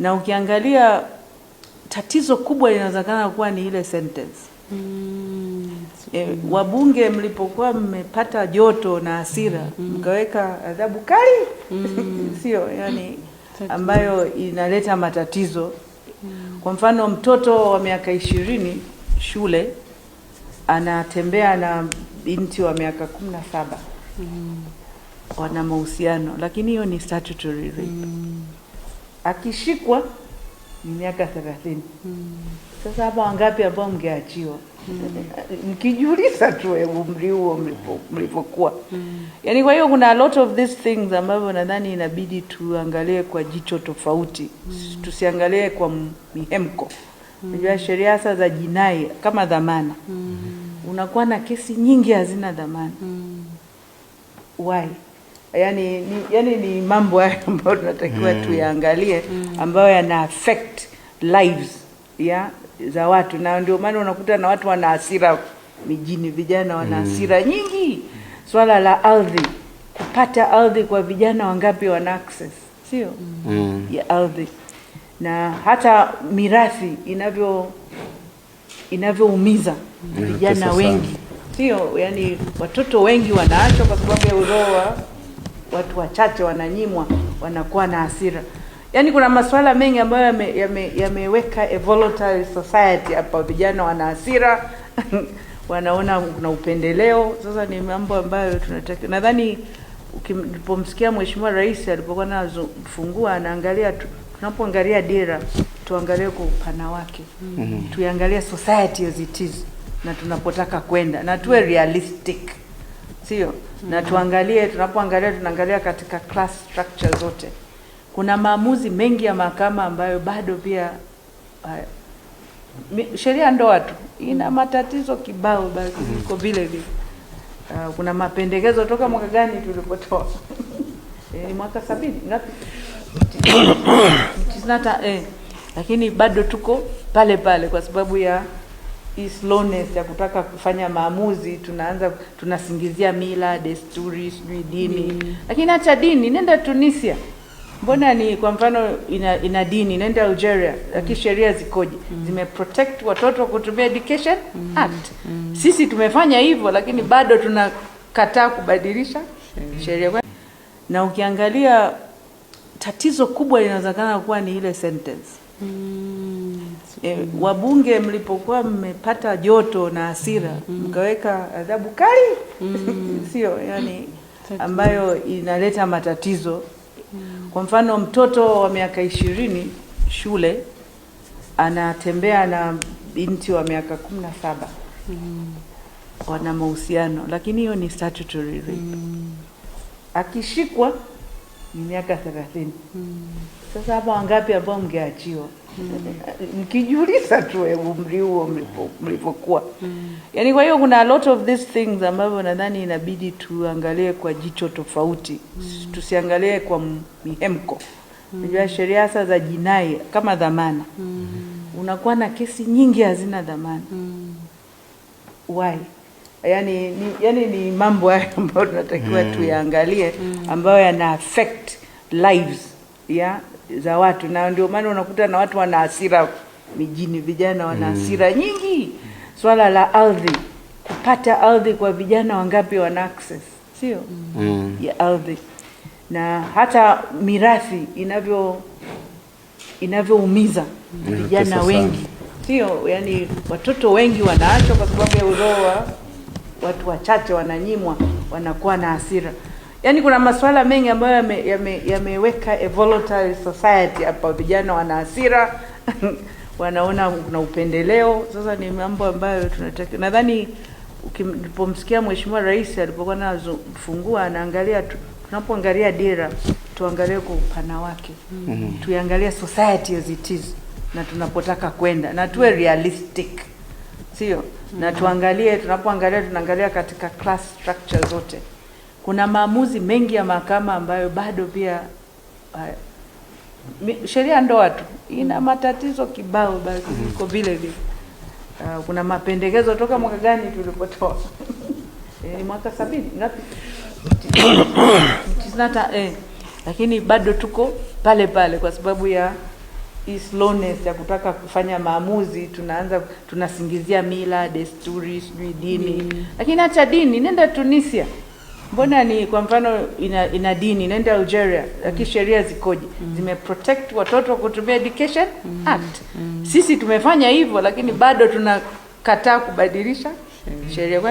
na ukiangalia tatizo kubwa linawezekana kuwa ni ile sentence mm. E, wabunge mlipokuwa mmepata joto na hasira mm. mm. mkaweka adhabu kali mm. sio yani, ambayo inaleta matatizo mm. Kwa mfano mtoto wa miaka ishirini shule anatembea na binti wa miaka kumi na saba mm. wana mahusiano, lakini hiyo ni statutory rape mm akishikwa ni miaka thelathini. Hmm. Sasa hapa wangapi ambao mngeachiwa? Hmm. Mkijiuliza tu umri huo hmm. mlivyokuwa. Hmm. Yaani, kwa hiyo kuna a lot of these things ambavyo nadhani inabidi tuangalie kwa jicho tofauti. Hmm. Tusiangalie kwa mihemko. Hmm. Unajua hmm. sheria hasa za jinai kama dhamana. Hmm. Unakuwa na kesi nyingi hazina dhamana. Hmm. Why? yani ni, yani ni mambo hayo ambayo tunatakiwa mm. tuyaangalie ambayo yana affect lives ya za watu, na ndio maana unakuta na watu wana hasira mijini, vijana wana mm. hasira mm. nyingi. Swala la ardhi, kupata ardhi kwa vijana wangapi wana access, sio mm. ya ardhi, na hata mirathi inavyo inavyoumiza vijana wengi, sio yani, watoto wengi wanaachwa kwa sababu ya uroa watu wachache wananyimwa, wanakuwa na hasira. Yaani kuna masuala mengi ambayo yameweka yame, yame a volatile society hapa, vijana wana hasira wanaona kuna upendeleo. Sasa ni mambo ambayo tunataka, nadhani ukipomsikia Mheshimiwa Rais alipokuwa anafungua anaangalia tu, tunapoangalia dira tuangalie kwa upana wake mm -hmm. Tuangalie society as it is na tunapotaka kwenda na tuwe realistic sio? Na tuangalie, tunapoangalia tunaangalia katika class structure zote. Kuna maamuzi mengi ya mahakama ambayo bado pia uh, sheria ndoa tu ina matatizo kibao, basi mm-hmm. iko vile vile. Uh, kuna mapendekezo toka mwaka gani tulipotoa? Eh, ni mwaka sabini ngapi? eh, lakini bado tuko pale pale kwa sababu ya hii slowness ya kutaka kufanya maamuzi, tunaanza tunasingizia mila, desturi, sijui dini mm. Lakini hata dini, nenda Tunisia, mbona ni kwa mfano ina, ina dini, nenda Algeria, lakini mm. sheria zikoje? mm. zimeprotect watoto kutumia education mm. act mm. Sisi tumefanya hivyo, lakini bado tunakataa kubadilisha mm. sheria, na ukiangalia tatizo kubwa linawezekana kuwa ni ile sentence mm. E, wabunge mlipokuwa mmepata joto na hasira mm-hmm. mkaweka mm. adhabu kali mm. sio yani, ambayo inaleta matatizo mm. Kwa mfano mtoto wa miaka ishirini shule anatembea na binti wa miaka kumi na saba mm. wana mahusiano, lakini hiyo ni statutory rape mm. akishikwa ni miaka thelathini. Hmm. Sasa hapa wangapi ambao mngeachiwa? Mkijiuliza hmm. tu umri huo mlivyokuwa, yaani. Kwa hiyo kuna a lot of these things ambavyo nadhani inabidi tuangalie kwa jicho tofauti, tusiangalie kwa mihemko. Unajua sheria hasa za jinai kama dhamana, unakuwa na kesi nyingi hazina dhamana. Why? yani ni, yani ni mambo hayo ambayo tunatakiwa mm. tuyaangalie ambayo yana affect lives ya za watu, na ndio maana unakuta na watu wana hasira mijini, vijana wana mm. hasira mm. nyingi. Swala la ardhi, kupata ardhi kwa vijana wangapi wana access, sio mm. ya ardhi, na hata mirathi inavyo inavyoumiza vijana wengi, sio yani, watoto wengi wanaachwa kwa sababu ya uroa watu wachache wananyimwa, wanakuwa na hasira. Yaani kuna masuala mengi ambayo yameweka yame, yame a volatile society hapa, vijana wana hasira wanaona kuna upendeleo. Sasa ni mambo ambayo tunataka, nadhani ukipomsikia Mheshimiwa Rais alipokuwa anafungua anaangalia tunapoangalia dira tuangalie kwa upana wake mm -hmm. Tuiangalie society as it is na tunapotaka kwenda na tuwe realistic sio? Na tuangalie, tunapoangalia tunaangalia katika class structure zote. Kuna maamuzi mengi ya mahakama ambayo bado pia uh, sheria ndoa tu ina matatizo kibao, basi mm-hmm. iko vile vile. Uh, kuna mapendekezo toka mwaka gani tulipotoa? E, mwaka sabini ngapi? eh, lakini bado tuko pale pale kwa sababu ya hii slowness ya kutaka kufanya maamuzi, tunaanza tunasingizia mila, desturi, sijui dini mm. Lakini hata dini, nenda Tunisia, mbona ni kwa mfano ina, ina dini, nenda Algeria, lakini mm. sheria zikoje? mm. zimeprotect watoto kutumia education mm. act mm. Sisi tumefanya hivyo, lakini bado tunakataa kubadilisha sheria.